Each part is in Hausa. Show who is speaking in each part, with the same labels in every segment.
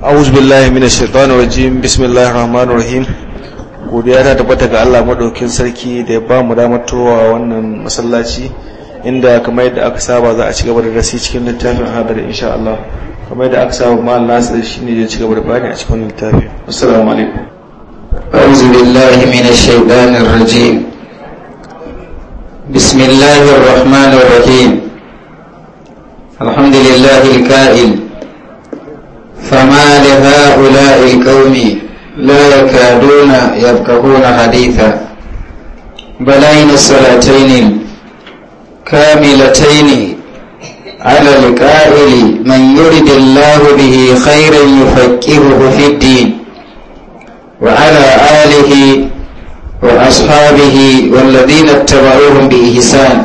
Speaker 1: a'udhu billahi minash shaitani rajim bismillahir rahmanir rahim godiya ta tabbata ga Allah madaukin sarki da ya bamu damar towa wannan masallaci inda kamar yadda aka saba za a ci gaba da rasi cikin littafin hadari insha Allah kamar yadda aka saba ma Allah sai shine ya ci gaba da bayani a cikin littafin assalamu alaikum a'udhu billahi minash shaitanir rajim bismillahir rahmanir rahim alhamdulillahi alqa'il فما لهؤلاء القوم لا يكادون يفقهون حديثا بلين الصلاتين كاملتين على القائل من يرد الله به خيرا يفكره في الدين وعلى آله وأصحابه والذين اتبعوهم بإحسان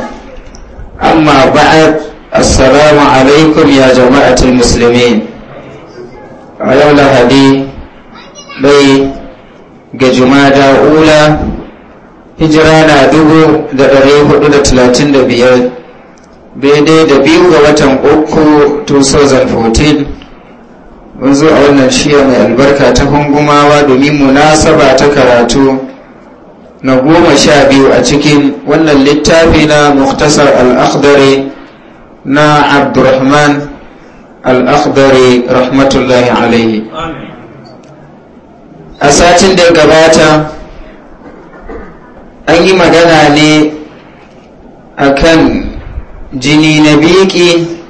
Speaker 1: أما بعد السلام عليكم يا جماعة المسلمين a yau lahadi bai ga jumada ula hijira na dubu da ɗari hudu da talatin da biyar daidai da biyu ga watan uku 2014 mun zo a wannan shiya mai albarka ta hungumawa domin munasaba ta karatu na goma sha biyu a cikin wannan littafi na muktasar al'akhdari na abdurrahman al'akhdari rahmatullahi alaihi a satin da gabata an yi magana ne akan jini na biki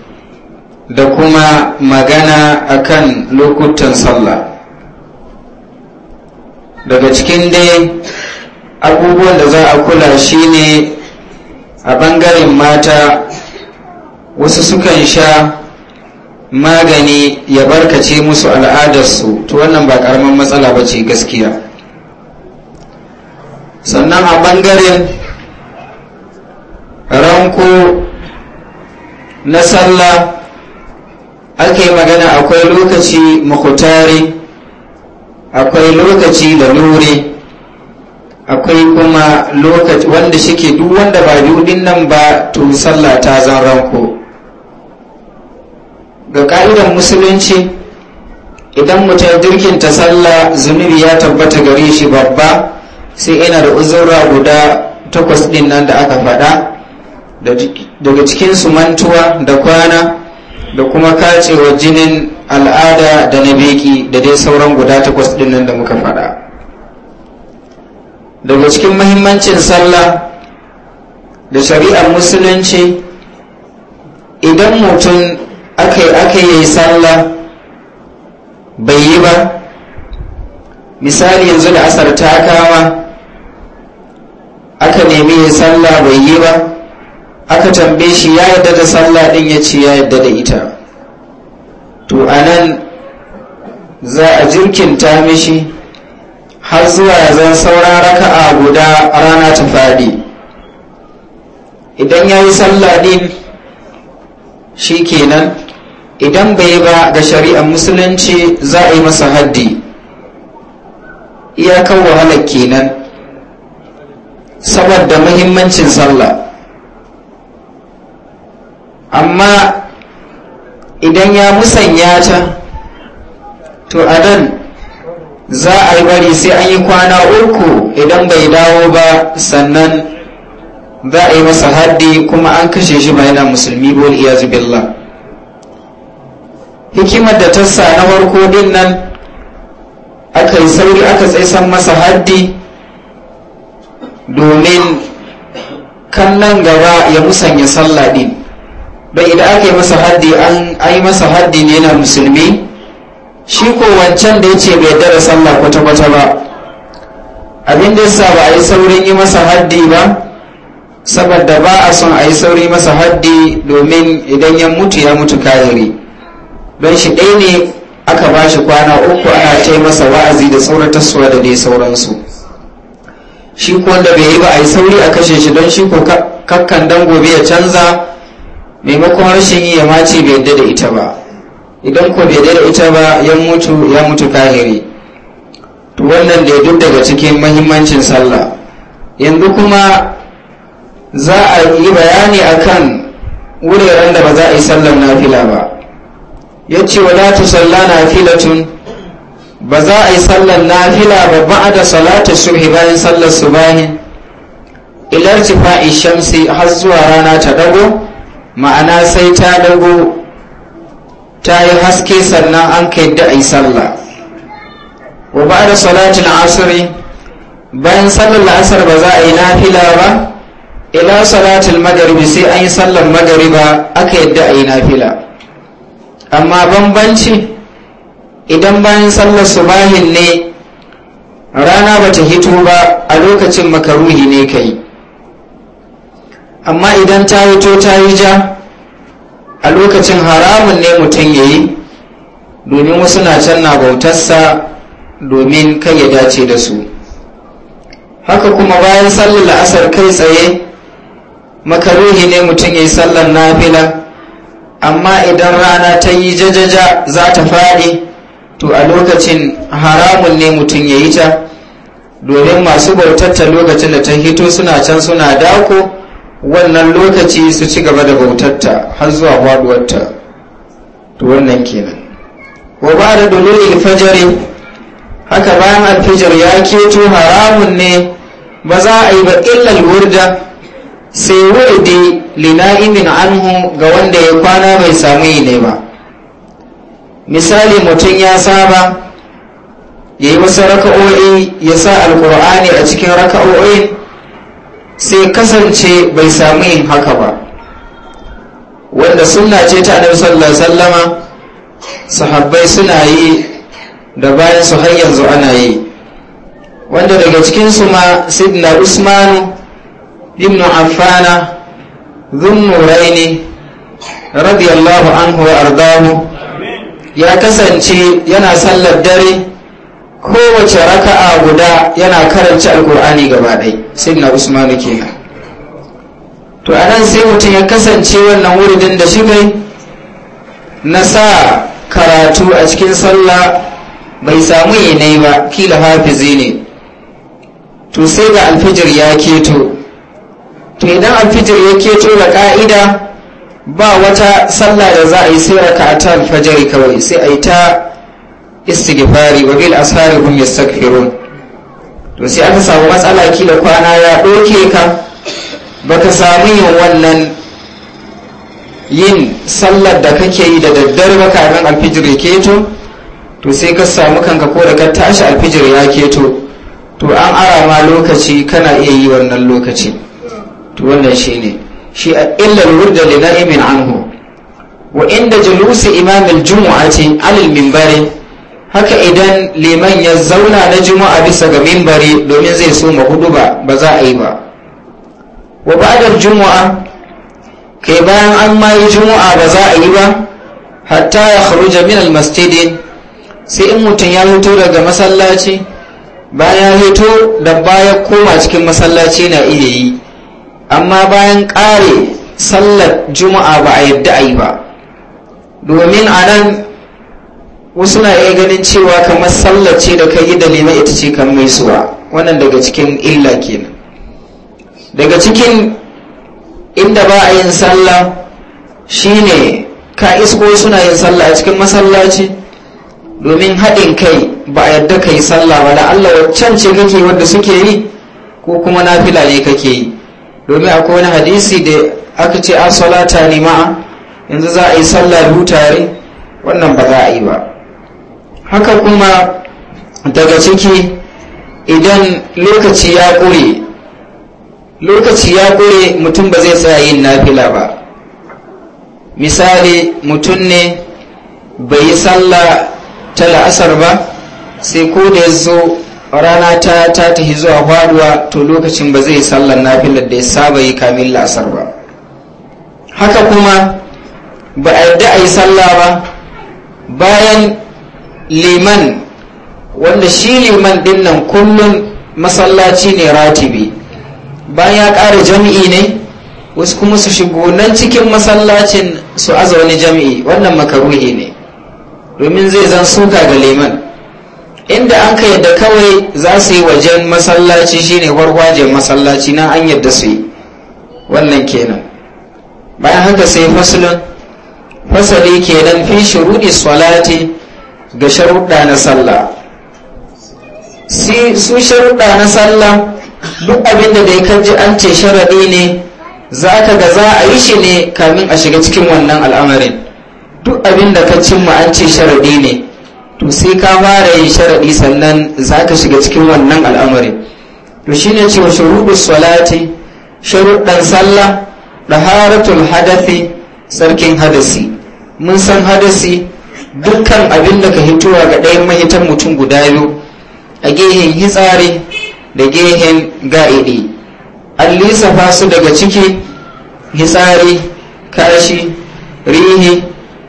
Speaker 1: da kuma magana akan lokutan sallah daga cikin dai abubuwan da za a kula shi ne a ɓangaren mata wasu sukan sha magani ya barkace musu al'adarsu to wannan ba karamin matsala ba ce gaskiya sannan a ɓangaren ranko na sallah ake magana akwai lokaci makutare akwai lokaci da nure akwai kuma lokaci wanda shike duk wanda ba biyu nan ba to sallah ta zan ranko ga ka'idar musulunci idan mutum jirkinta sallah zunubi ya tabbata gare shi babba sai yana da uzura guda takwas ɗin nan da aka faɗa daga su mantuwa da kwana da kuma kacewa jinin al'ada da na beki da dai sauran guda takwas ɗin nan da muka faɗa daga cikin mahimmancin sallah da shari'ar musulunci idan mutum aka yi salla bai yi ba misali yanzu da asar ta kama aka nemi ya sallah bai yi ba aka tambaye shi ya yadda da sallah din ya ce ya yadda da ita to anan nan za a jirkinta mishi har zuwa zan saura raka'a guda rana ta faɗi idan ya yi sallah din shi kenan idan bai ba ga shari'ar musulunci za a yi masa haddi kawo wahala kenan saboda muhimmancin sallah amma idan ya musanya ta to a nan za a yi bari sai an yi kwana uku idan bai dawo ba sannan za a yi masa haddi kuma an kashe shi bayan musulmi bol iyazu billah hikimar da ta sa na farko din nan aka yi sauri aka tsaisan masa haddi domin kan nan gaba ya musanya sallah din bai idan aka yi masa haddi an yi masa haddi ne na musulmi shi ko wancan da ya ce bai dara sallah kwata-kwata ba abin da yasa ba a yi saurin yi masa haddi ba saboda ba a son a yi sauri masa haddi domin idan ya mutu ya mutu kayari. don shi ɗai ne aka ba shi kwana uku ana ce masa wa'azi da sauran taswa da dai sauransu shi ko wanda bai yi ba a yi sauri a kashe shi don shi ko kakkan dan gobe ya canza maimakon rashin yi ya mace bai yadda da ita ba idan ko bai yadda da ita ba ya mutu ya mutu kahiri to wannan da duk daga cikin mahimmancin sallah yanzu kuma za a yi bayani akan wuraren da ba za a yi sallar nafila ba ya ce wa la tu salla nafilatun ba za a yi sallar nafila ba ba da salatu suhi bayan sallar su bayan ilar fa’i shamsi har zuwa rana ta dago ma'ana sai ta dago ta yi haske sannan an ka da a yi salla. wa ba da salatul asiri? bayan sallar la'asar ba za a yi nafila ba ila salatin magaribi sai an yi sallar magariba aka yadda a yi nafila amma bambanci idan bayan sallar subahin ne rana bata hito ba a lokacin makaruhi ne kai amma idan ta hito ta yi ja a lokacin haramun ne mutum ya yi domin wasu na can na bautarsa domin kai ya dace da su haka kuma bayan sallar la'asar kai tsaye makaruhi ne mutum ya yi sallar na nafila amma idan rana ta yi jajaja za ta faɗi to a lokacin haramun ne mutum ya yi ta domin masu bautatta lokacin da ta hito suna can suna dako wannan lokaci su ci gaba da bautatta har zuwa faɗuwarta to wannan kenan wa ba da dulul fajari haka bayan alfijar ya keto haramun ne ba za a yi ba illal wurda sai wurdi lina'imin anhu ga wanda ya kwana mai samu yi ne ba misali mutum ya saba ya yi wasu raka'o'i ya sa alkur'ani a cikin raka'o'i sai kasance bai sami yin haka ba wanda suna ce ta annabi sallallahu sallama sahabbai suna yi da bayan su har yanzu ana yi wanda daga cikinsu ma sidna usmanu ibn affana zun nuraini radiyallahu anhu wa ardahu ya kasance yana sallar dare kowace raka'a guda yana karanci alkur'ani gaba ɗai sai na usmanu kenan to a nan sai mutum ya kasance wannan wuridin da shi kai. na sa karatu a cikin sallah bai samu yanayi ba kila hafizi ne to sai ga alfijir ya keto to idan alfijir ya keto da ka'ida ba wata sallah da za a yi sai raka'ata alfajari kawai sai a yi ta istighfari wa bil ashari hum yastaghfirun to sai aka samu matsala kila kwana ya doke ka baka samu yin wannan yin sallar da kake yi da daddare ba kafin alfijir ya keto to sai ka samu kanka ko da ka tashi alfijir ya keto to an arama lokaci kana iya yi wannan lokaci to wannan ne shi a illar wurda na na'imin anhu wa inda jalusi imam juma'a ce alil mimbari haka idan liman ya zauna na juma'a bisa ga mimbari domin zai so hudu ba ba za a yi ba wa juma'a kai bayan an ma yi juma'a ba za a yi ba hatta ya kharuja min al sai in mutum ya fito daga masallaci bayan ya fito da baya koma cikin masallaci na iya yi amma bayan ƙare sallar juma'a ba a yadda a yi ba domin a nan wasu na iya ganin cewa kamar sallar ce da ka yi da nema ita ce kan mai suwa wannan daga cikin illa kenan daga cikin inda ba a yin sallah shine ka isko suna yin sallah a cikin masallaci domin haɗin kai ba a yadda ka yi sallah ba da allah waccan ce kake wadda suke yi ko kuma na ne kake yi domin akwai wani hadisi da aka ce a salata ne ma yanzu za a yi sallah da hutare wannan ba za a yi ba haka kuma daga ciki idan lokaci ya ƙure lokaci ya ƙure mutum ba zai tsaya yin nafila ba misali mutum ne bai yi sallah ta la'asar ba sai ko da ya zo rana ta ta tahi zuwa faduwa to lokacin ba zai sallar nafilar da ya saba yi kamin la'asar ba haka kuma ba a yarda a yi sallah ba bayan liman wanda shi liman din nan kullum masallaci ne ratibi bayan ya ƙara jami'i ne wasu kuma su shigo nan cikin masallacin su aza wani jami'i wannan makaruhi ne domin zai zan suka ga liman inda an ka yadda kawai za su yi wajen masallaci shine gwargwajen masallaci na an yadda su yi wannan kenan bayan haka sai fasulun fasali kenan fi shuruɗi salati ga sharuɗa na sallah su sharuɗa na sallah duk abinda da ya kaji an ce sharaɗi ne za ka ga za a yi shi ne kamin a shiga cikin wannan al'amarin duk abinda ka cimma an ce sharaɗi ne to sai ka fara yin sharaɗi sannan za ka shiga cikin wannan al'amari to shi ne cewa shuruɗin salati sharuɗan sallah da haratul Hadafi sarkin hadasi mun san hadasi dukkan abin da ka hitowa ga ɗayan mahitan mutum guda biyu a gehen hitsari da gehen ga'idi an lissafa su daga ciki hitsari kashi rihi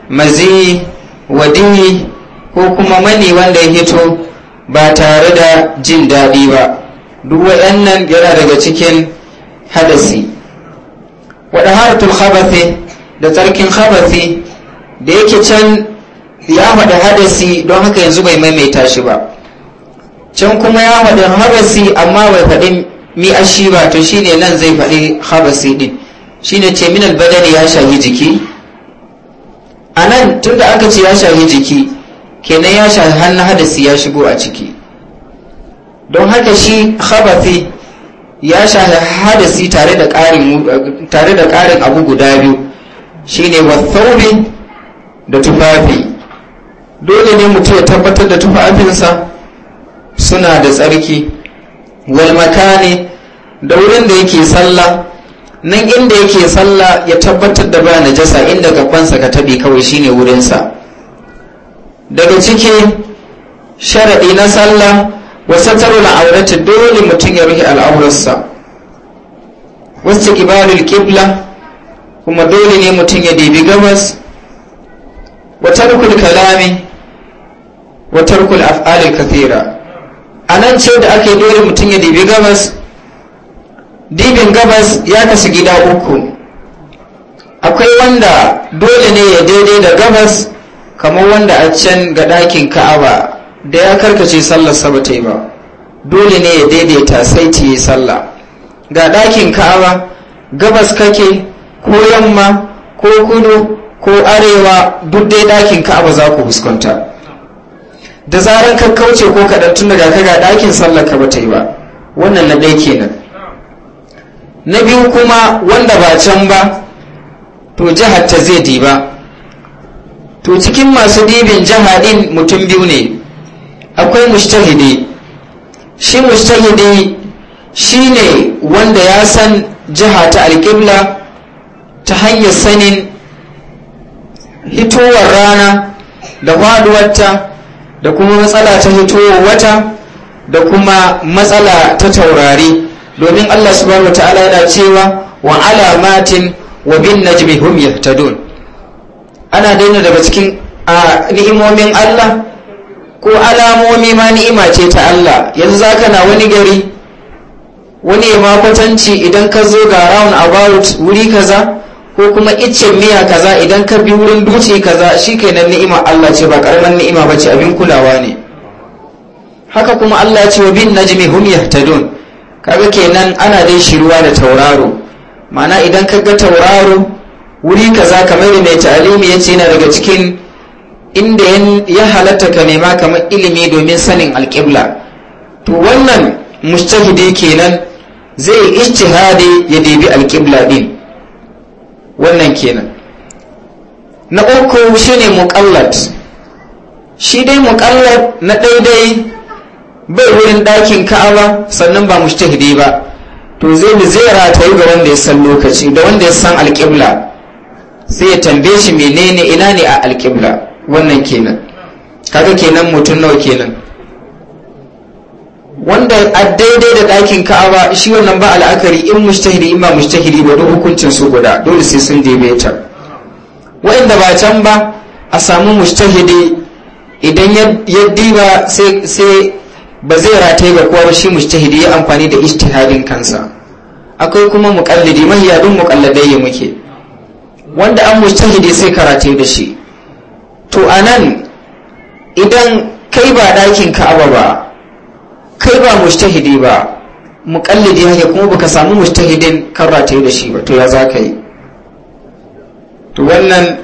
Speaker 1: maziyi wadiyi ko kuma mani wanda ya hito ba tare da jin daɗi ba duk waɗannan yana daga cikin hadasi waɗa haratul khabathi da tsarkin khabathi da yake can ya haɗa hadasi don haka yanzu bai maimaita shi ba can kuma ya haɗa habasi amma bai faɗi mi ashi ba to shine nan zai faɗi ɗin din shine ce minal badani ya shahi jiki a nan tunda aka ce ya shahi jiki kenan ya sha hannu hadasi ya shigo a ciki don haka shi khabafi ya sha hadasi tare da ƙarin abu guda biyu shine wathawbi da tufafi dole ne mutu ya tabbatar da tufafinsa suna da tsarki wal makani da wurin da yake sallah nan inda yake sallah ya tabbatar da ba najasa inda gabansa ka tabi kawai shine wurinsa daga ciki sharaɗi na sallah wa na aurati dole mutum ya rufe al'aurarsa wasu kibarul kibla kuma dole ne mutum ya debi gabas wa tarkul kalami wa tarkul af'alil kathira a nan ce da ake dole mutum ya debi gabas dibin gabas ya kasu gida uku akwai wanda dole ne ya daidai da gabas kamar wanda a can ga ɗakin ka'aba da ya karkace sallarsa ba ta yi ba dole ne ya daidaita sai ta yi sallah ga ɗakin ka'aba gabas kake ko yamma ko kudu ko arewa duk dai ɗakin ka'aba za ku fuskanta da zarar ka kauce ko kaɗan tun daga ka ga ɗakin sallar ka ba ta yi ba wannan na ɗaya kenan na biyu kuma wanda ba can ba to jihar ta zai diba to cikin masu dibin ɗin mutum biyu ne akwai mustahidi shi mustahidi shi ne wanda ya san jiha ta alƙibla ta hanyar sanin hitowar rana da faduwarta da kuma matsala ta hitowar wata da kuma matsala ta taurari domin Allah subhanahu wa ta'ala yana cewa wa alamatin wa bin najmi hum yahtadun ana daina daga cikin ni'imomin Allah ko alamomi ma ni'ima ce ta Allah yanzu zaka na wani gari wani ma kwatanci idan ka zo ga round about wuri kaza ko kuma iccen miya kaza idan ka bi wurin dutse kaza shi shikenan ni'ima Allah ce ba karaman ni'ima bace abin kulawa ne haka kuma Allah ce wa bin najmi hum yahtadun kaga kenan ana dai shiruwa da tauraro ma'ana idan ka ga tauraro wuri kaza kamar da mai ta'alimi ya ce yana daga cikin inda ya halatta ka nema kamar ilimi domin sanin alƙibla to wannan mustahidi kenan zai ijtihadi ya debi alƙibla din wannan kenan na uku shine muqallad shi dai muqallad na daidai bai wurin ɗakin ka'aba sannan ba mustahidi ba to zai bi zai yi ga wanda ya san lokaci da wanda ya san alƙibla sai ya tambaye shi menene ina ne a alƙibla wannan kenan kaga kenan mutum nawa kenan wanda a daidai da ɗakin ka'aba shi wannan ba al'akari in mushtahiri in ba mushtahiri ba duk hukuncin su guda dole sai sun daibe ta wa'inda ba can ba a samu mushtahidi idan ya diba sai ba zai rataye ga kowa shi mushtahidi ya amfani da ijtihadin kansa akwai kuma muƙallidi mahiyadun muƙalladai ya muke wanda an mujtahidi sai karatu da shi to anan idan kai ba ɗakin ka'aba ba kai ba mujtahidi ba muƙallidi hake kuma baka samu mustahidin karatu da shi ba to ya za ka yi to wannan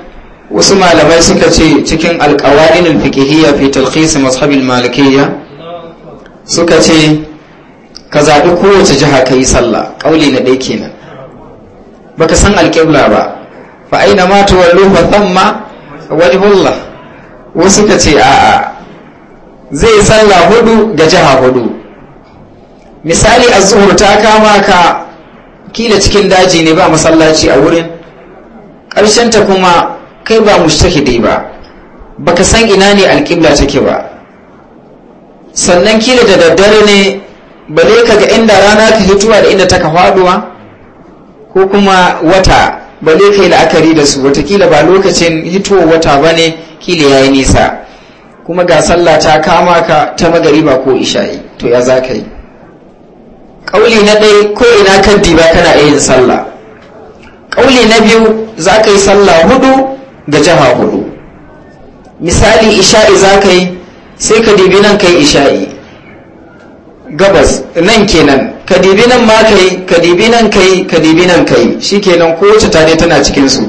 Speaker 1: wasu malamai suka ce cikin alƙawarin alfiqhiyya fi talkhis mashabil malikiyya suka ce ka zaɓi kowace jiha ka yi sallah ƙauli na ɗaya kenan baka san alƙibla ba fa aina ma tuwallu fa thamma wajhullah wasu ka ce a'a zai salla hudu ga jiha hudu misali az-zuhur ta kama ka kila cikin daji ne ba masallaci a wurin karshen ta kuma kai ba mushtahidi ba baka san ina ne alqibla take ba sannan kila da daddare ne bale ka ga inda rana ka hituwa da inda taka faduwa ko kuma wata ba kai la'akari da su watakila ba lokacin hito wata ba ne kila ya yi nisa kuma ga sallah ta kama ka ta magariba ko isha'i to ya za ka yi ƙauli na ɗai ko ina kan diba kana yin sallah ƙauli na biyu za ka yi sallah hudu da jiha hudu misali isha'i za ka yi sai ka dibi nan ka yi isha'i gabas nan kenan kadibi nan ma kai kadibi nan kai kadibi nan kai shikenan kowace tare tana cikin su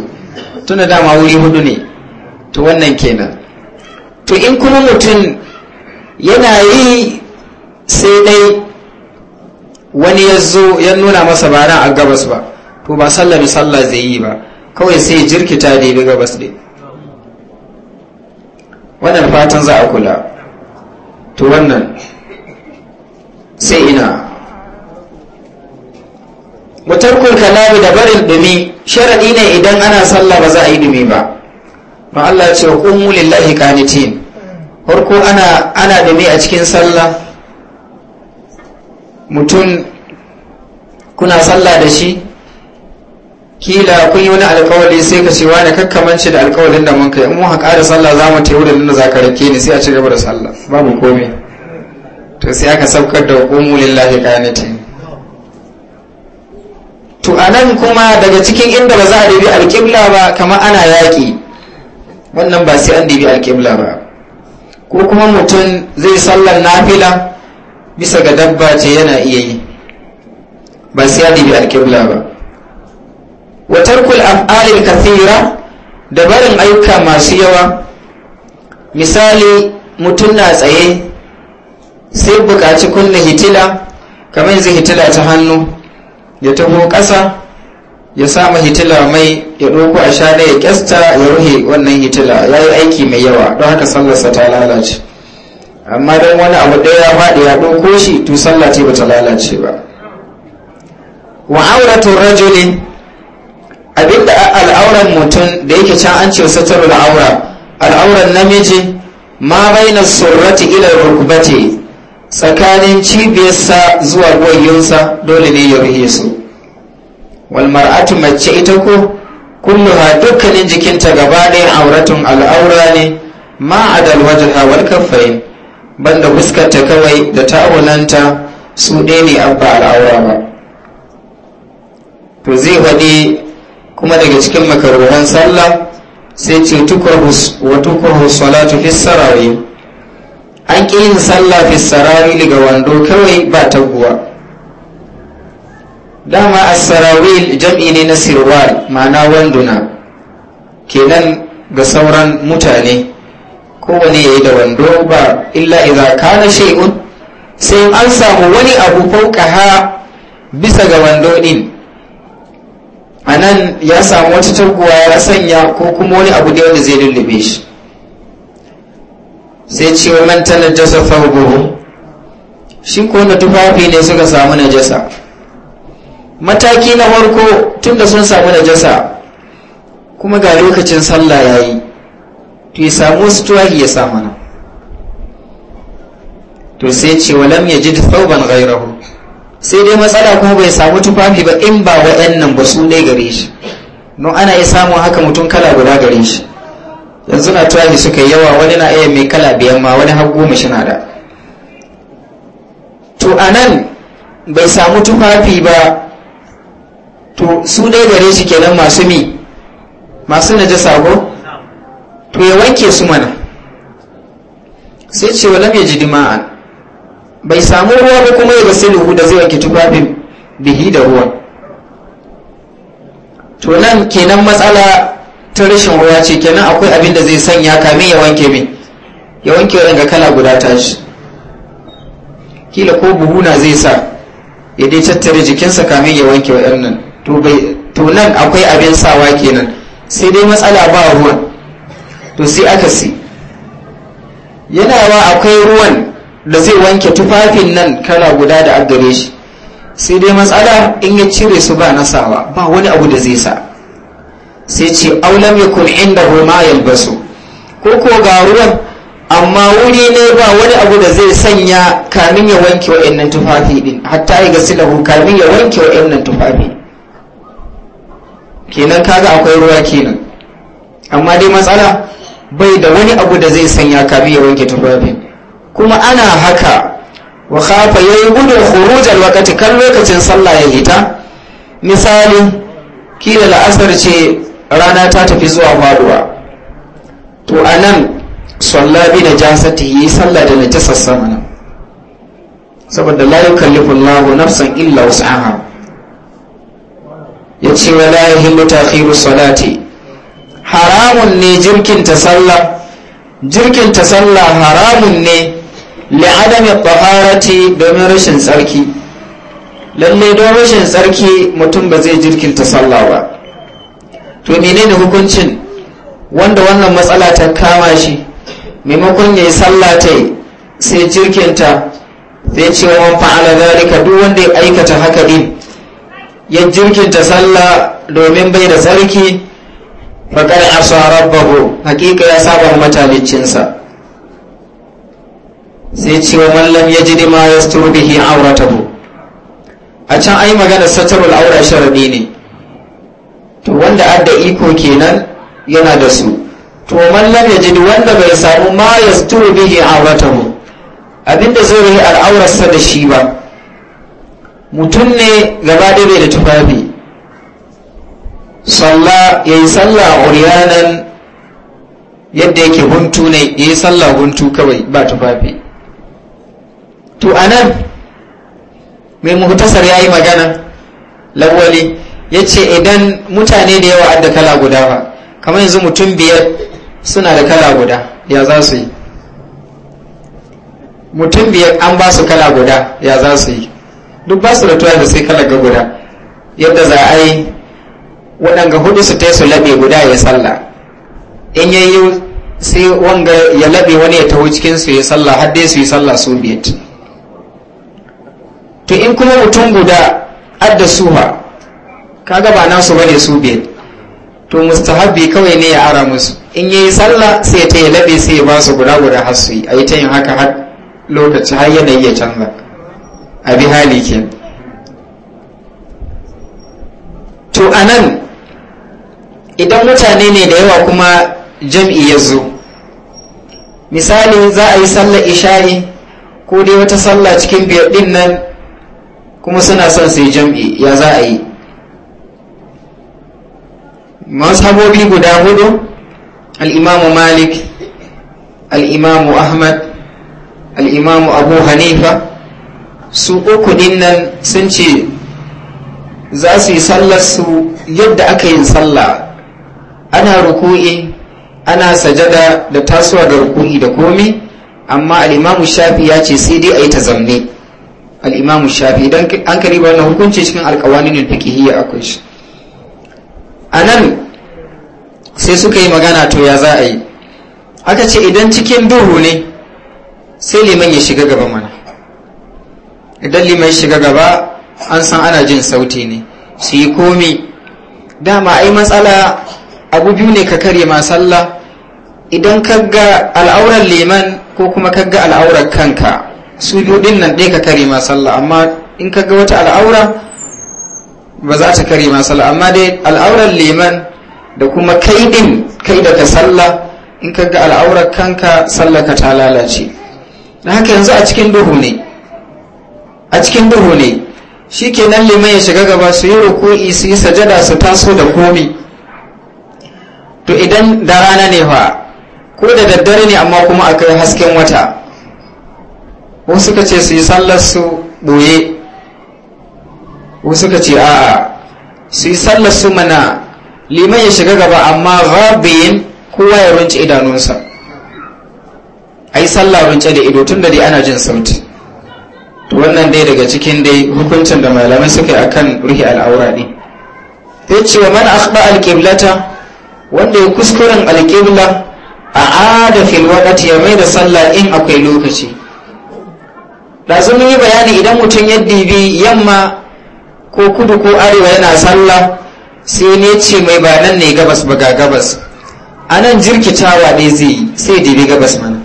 Speaker 1: tuna dama wuri hudu ne to wannan kenan to in kuma mutum yana yi sai dai wani ya zo ya nuna masa ba a gabas ba to ba sallar sallah zai yi ba kawai sai jirkita da bi gabas ne wannan fatan za a kula to wannan sai ina mutarkun kalami da barin dumi sharaɗi ne idan ana sallah ba za a yi dumi ba ma Allah ya ce wa qumu lillahi qanitin harko ana ana dumi a cikin sallah mutum kuna sallah da shi kila kun yi wani alkawali sai ka ce wani kakkamanci da alkawalin da mun kai mu haƙa da sallah za mu tayi wurin da za ka rake ni sai a ci gaba da sallah babu komai to sai aka saukar da hukumu lillahi kanitin to anan kuma daga cikin inda ba za a dibi alƙibla ba kamar ana yaƙi wannan ba sai an dibi alƙibla ba ko kuma mutum zai sallar nafila bisa ga dabba ce yana iya yi ba sai an dibi alƙibla ba wa tarkul af'alil kathira da barin ayyuka masu yawa misali mutum na tsaye sai buƙaci kunna hitila kamar yanzu hitila ta hannu ya taho ƙasa ya samu hitila mai ya ɗauko a sha ya ƙyasta ya ruhe wannan hitila ya yi aiki mai yawa don haka sallarsa ta lalace amma don wani abu ɗaya ya faɗi ya ɗauko shi to sallah ce ba ta lalace ba wa auratun rajuli abinda al'auran mutum da yake can an ce da aura al'auran namiji ma baina surrati ila rukbati tsakanin cibiyarsa zuwa goyonsa dole ne ya ruhe su walmar'atu mace ita ko kulluha dukkanin jikinta gaba ɗaya auratun al'aura ne ma adal wajaha wal kaffain banda fuskarta kawai da ta'ulanta su ɗaya ne ba al'aura ba to zai faɗi kuma daga cikin makaruhan sallah sai ce tukwa salatu fi sarari an ƙi yin sallah fi sarawili ga wando kawai ba taguwa dama a sarawil jam'i ne na sirwal ma'ana wanduna kenan ga sauran mutane kowane ya yi da wando ba illa iza kana shay'un sai an samu wani abu fauka ha bisa ga wando ɗin. a nan ya samu wata taguwa ya sanya ko kuma wani abu da wanda zai lullube shi sai ce wa na jasa farguhu shi ko na tufafi ne suka samu na jasa mataki na farko tunda sun samu na jasa kuma ga lokacin sallah ya yi to ya samu wasu tuwahi ya samu na to sai ce wa lam ji thawban gairahu sai dai matsala kuma bai samu tufafi ba in ba nan ba su ne gare shi no ana iya samun haka mutum kala guda gare shi yanzu na tuwaji suka yi yawa wani na iya mai kala biyan ma wani har goma shi da to a nan bai samu tufafi ba to su dai gare shi kenan masu mi masu najasa ko to ya wanke su mana sai ce wa lam ji dima'an bai samu ruwa ba kuma ya gasilu da zai wanke tufafin bihi da ruwan to nan kenan matsala ta rashin ruwa ce kenan akwai abin da zai sanya kamin ya wanke mai ya wanke waɗanda kala guda tashi kila ko buhuna zai sa ya dai tattare jikinsa kamin ya wanke waɗannan to nan akwai abin sawa kenan sai dai matsala ba ruwan to sai aka si yana wa akwai ruwan da zai wanke tufafin nan kala guda da aggare shi sai dai matsala in ya cire su ba na sawa ba wani abu da zai sa sai ce aulam inda indahu ma yalbasu ko ko ga ruwan amma wuri ne ba wani abu da zai sanya kamin ya wanke wa innan tufafi din hatta ya gasi lahu kamin ya wanke wa innan tufafi kenan kaga akwai ruwa kenan amma dai matsala bai da wani abu da zai sanya kamin ya wanke tufafi. kuma ana haka wa khafa yayi gudun khurujal wakati kan lokacin sallah ya hita misali kila la'asar ce rana ta tafi zuwa faduwa to a nan sallabi na jasati yi sallah da najasar sama nan saboda la lufin Allahu nafsan illa wasu aha. Ya ce wa la luta ta'khiru salati haramun ne jirkin ta sallah jirkin ta sallah haramun ne li adami ƙwararci domin rashin tsarki lalle don rashin tsarki mutum ba zai jirkin ta sallah ba to menene hukuncin wanda wannan matsala ta kama shi maimakon ya yi sallah ta sai jirkinta sai ce wa wani fa'ala zarika duk wanda ya aikata haka din ya jirkinta sallah domin bai da sarki faƙar tsoron babu hakika ya saba matalicinsa sai ce wa mallam ya ji ma ya bihi bu a can ai magana satarul aura sharadi ne to wanda adda iko kenan yana da su to mallam ya jidi wanda bai samu ma sturu bihi awratahu abinda zai yi al'aurarsa da shi ba mutum ne gaba da bai da tufafi salla yi sallah uryanan yadda yake huntu ne ya yi sallah huntu kawai ba tufafi to anan mai muhtasar yi magana lawali ya ce idan mutane da yawa da kala guda ba kamar yanzu mutum biyar suna da kala guda ya za su yi mutum biyar an ba su kala guda ya za su yi duk ba su da tuwa da sai kala ga guda yadda za a yi waɗanga hudu su ta su laɓe guda ya salla in ya yi sai wanga ya labe wani ya taho cikin su ya salla har dai su yi sallah su biyar to in kuma mutum guda adda suha kaga ba nasu bane su biyar to mustahabbi kawai ne ya ara musu in yayi sallah sai ta yi labe sai ya ba su guda guda har su yi a yi ta yin haka har lokaci har yanayi ya canza a bi hali ke to anan idan mutane ne da yawa kuma jam'i ya zo misali za a yi sallar isha'i ko dai wata sallah cikin biyar din nan kuma suna son su yi jam'i ya za a yi masabobi guda hudu al'imamu malik al'imamu ahmad al'imamu abu hanifa su uku dinnan sun ce za su yi sallarsu yadda aka yin sallah ana ruku'i ana sajada da tasowa da ruku'i da komi amma al'imamu shafi ya ce sai dai a yi ta zamne al'imamu shafi idan an kariba na hukunci cikin alkawanin fiqhiyya akwai shi a nan sai suka yi magana to ya za a yi aka ce idan cikin duhu ne sai liman ya shiga gaba mana idan liman ya shiga gaba an san ana jin sauti ne su yi komi dama ai matsala abu biyu ne ka karye ma sallah idan kagga al'aurar liman ko kuma kagga al'aurar kanka su biyu din nan ɗaya ka karye ma sallah amma in kagga wata al'aura ba za ta karye ma sallah amma dai al'aurar liman da kuma kai din kai da ka sallah in ka ga al'aurar kanka sallaka ta lalace don haka yanzu a cikin duhu ne a cikin duhu ne shi ke nan liman ya shiga gaba su yi ruku'i su yi sajada su taso da komi to idan da rana ne fa ko da daddare ne amma kuma akwai hasken wata wasu suka ce su yi sallar su boye wasu suka ce a'a su yi sallar su mana liman ya shiga gaba amma rabin kowa ya runce idanunsa ai sallah runce da ido tun da dai ana jin sauti to wannan dai daga cikin dai hukuncin da malamai suka yi akan ruhi al'aura ne ta ce wa man akhba alqiblata wanda ya kuskuren alqibla a ada fil ya mai da sallah in akwai lokaci da sun yi bayani idan mutum ya dibi yamma ko kudu ko arewa yana sallah sai ne ce mai ba nan ne gabas ba ga gabas a nan jirkitawa ne zai yi sai dibi gabas mana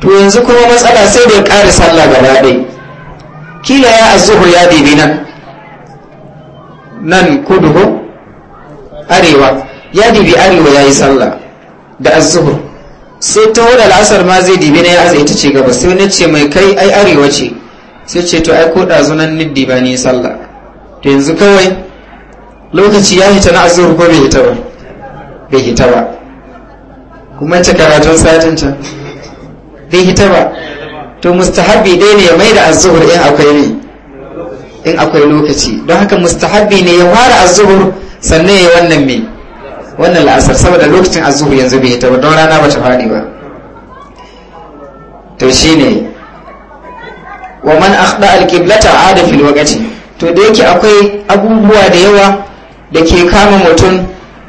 Speaker 1: to yanzu kuma matsala sai da ƙari sallah gaba ɗai kila ya azuhu ya dibi nan nan kuduhu ko arewa ya dibi arewa ya yi sallah da azuhu sai ta wadda al'asar ma zai dibi na ya azai ta ce gabas sai ne ce mai kai ai arewa ce sai ce to ai ko ɗazu nan niddi ba ni sallah to yanzu kawai lokaci ya hita na azur ko bai hita ba bai hita ba kuma ce karatun satin can bai hita ba to mustahabi dai ne ya mai da azur in akwai ne in akwai lokaci don haka mustahabi ne ya fara azur sannan ya wannan me wannan la'asar saboda lokacin azur yanzu bai hita ba don rana ba ta fadi ba to shine wa man akhda al-qiblata aada fil waqti to da yake akwai abubuwa da yawa da ke kama mutum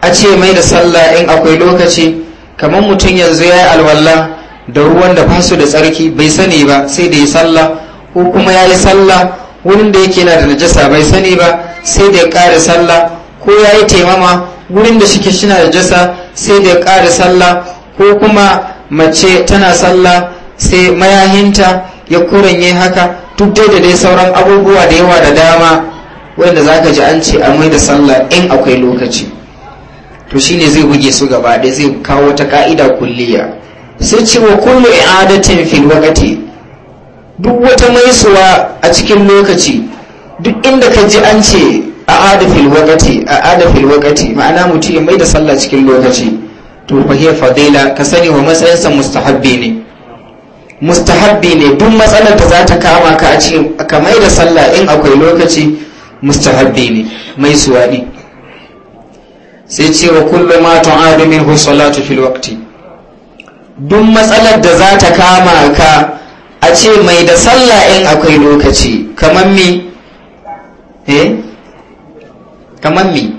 Speaker 1: a ce mai da sallah in akwai lokaci kamar mutum yanzu ya yi alwallah da ruwan da fasu da tsarki bai sani ba sai da ya sallah ko kuma ya yi sallah wurin da yake na da najasa bai sani ba sai da ya ƙara sallah ko ya yi taimama wurin da shike shi na da najasa sai da ya ƙara sallah ko kuma mace tana sallah sai mayahinta ya kuranye haka duk dai da dai sauran abubuwa da yawa da dama wanda zaka ji an ce a mai da sallah in akwai lokaci to shine zai buge su gaba ɗaya zai kawo wata ka'ida kulliya sai ce wa kullu i'adatin fil waqti duk wata maisuwa a cikin lokaci duk inda ka ji an ce a adafil waqti a adafil waqti ma'ana mutum ya mai da sallah cikin lokaci to fa hiya fadila ka sani wa matsayinsa mustahabbi ne mustahabbi ne duk matsalar da za ta kama ka a ce ka mai da sallah in akwai lokaci mustahabbi ne mai suwa sai ce wa kullum ma ta'adu minhu salatu fil waqti duk matsalar da za ta kama ka a ce mai da sallah in akwai lokaci kamar mi eh kamar mi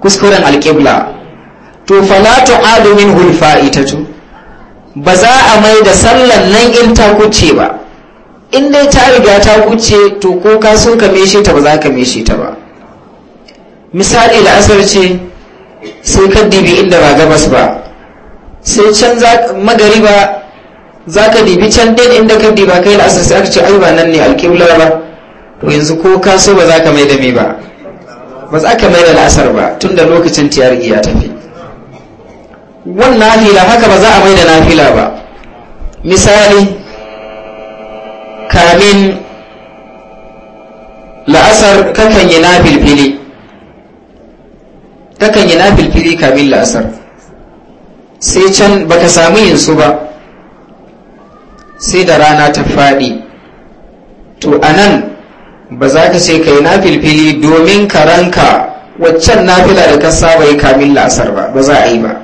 Speaker 1: kuskuren alƙibla to fala ta'adu minhu al fa'itatu ba za a mai da sallan nan in ta kuce ba in dai ta riga ta wuce to ko ka sun kame shi ta ba za ka shi ta ba misali la'asar ce sai ka dibi inda ba gabas ba sai can magariba za ka dibi can din inda ka diba kai la'asar sai aka ce ai ba nan ne alƙibla ba to yanzu ko ka so ba za ka mai da me ba ba za ka mai da la'asar ba tun da lokacin tiyar giya tafi wannan nafila haka ba za a mai da nafila ba misali gabanin la'asar kakan yi na filfili kakan yi na filfili kamin la'asar sai can baka samu yin su ba sai da rana ta faɗi to a nan ba za ka ce ka yi na filfili domin ka ranka waccan nafila da ka saba yi kamin la'asar ba ba za a yi ba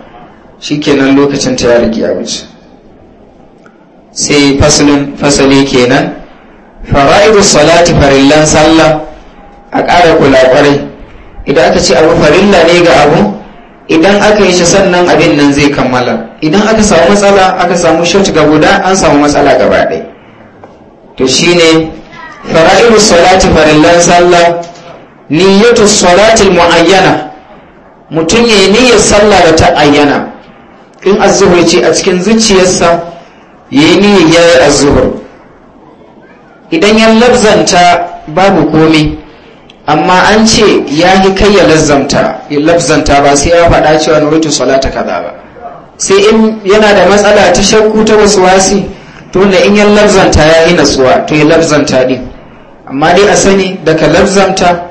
Speaker 1: shikenan lokacin ta ya rage wuce sai fasalin fasali kenan fara'idu salati farillan sallah a ƙara kula ƙwarai idan aka ce abu farilla ne ga abu idan aka yi shi sannan abin nan zai kammala idan aka samu matsala aka samu shot ga guda an samu matsala gaba ɗaya to ne fara'idu salati farillan sallah niyyatu salati muayyana mutum ya niyyar sallah da ta ayyana in azzuhur ce a cikin zuciyarsa ya yi niyyar ya yi azzuhur idan ya lafzanta babu komai amma an ce ya yi kai ya labzanta ba sai ya faɗa cewa nuritu salata kaza ba sai in yana da matsala ta shakku ta wasu to da in ya labzanta ya yi natsuwa to ya labzanta din amma dai a sani da ka labzanta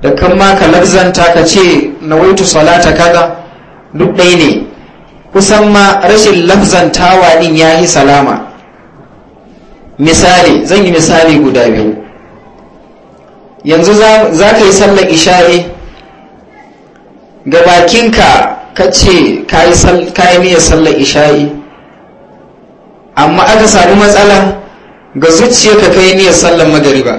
Speaker 1: da kan ma ka labzanta ka ce nawaitu salata kaza duk ɗaya ne kusan ma rashin lafzantawa ɗin ya yi salama misali zan yi misali guda biyu yanzu za ka yi sallar isha'i ga bakinka ka ce ka yi niyyar sallar isha'i amma aka sami matsala ga zuciyarka ka yi niyyar sallar magariba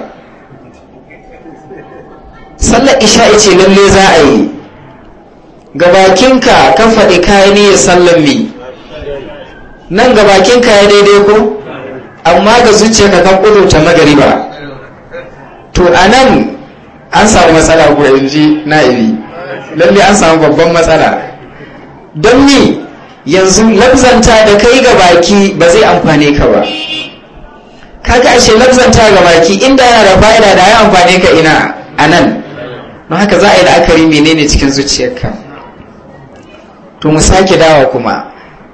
Speaker 1: sallar isha'i ce lalle za a yi ga bakinka ka faɗi ka yi niyyar sallar mi nan ga bakinka ya daidai ko amma ga zuciyarka ka kudurta magariba to a nan an samu matsala ko yanzu iri lalle an samu babban matsala don ni yanzu lafzanta da kai ga baki ba zai amfane ka ba kaka ashe lafzanta ga baki inda yana da fa'ida da ya amfane ka ina a nan don haka za a yi la'akari menene cikin zuciyarka to mu sake dawa kuma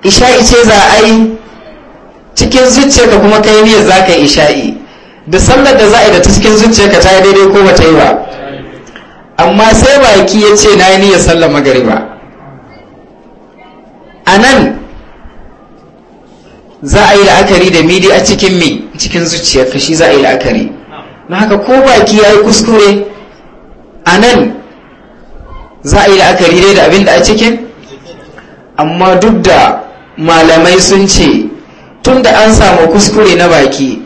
Speaker 1: isha ce za a yi cikin zuciyarka kuma kai niyyar za ka yi isha'i da sallar da za a yi da ta cikin zuciyarka ta yi daidai ko ba ta yi ba amma sai baki ya ce na yi niyyar sallar magariba a nan za a yi la'akari da midi a cikin mi cikin zuciyarka shi za a yi la'akari na haka ko baki ya yi kuskure a nan za a yi la'akari dai da abin da a cikin amma duk da malamai sun ce tun da an samu kuskure na baki